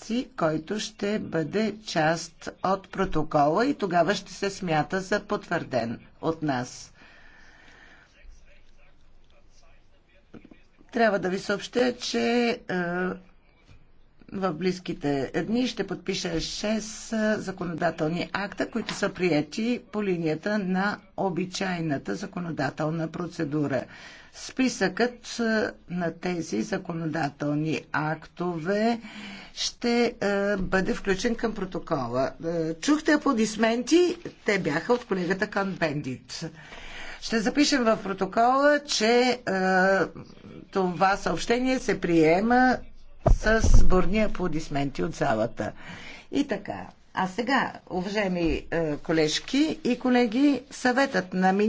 си, който ще бъде част от протокола и тогава ще се смята за потвърден от нас. Трябва да ви съобщя, че е, в близките дни ще подпише 6 законодателни акта, които са прияти по линията на обичайната законодателна процедура. Списъкът на тези законодателни актове ще бъде включен към протокола. Чухте аплодисменти, те бяха от колегата Кан Бендит. Ще запишем в протокола, че е, това съобщение се приема с бурни аплодисменти от залата. И така. А сега, уважаеми е, колежки и колеги, съветът на